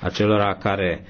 acelora care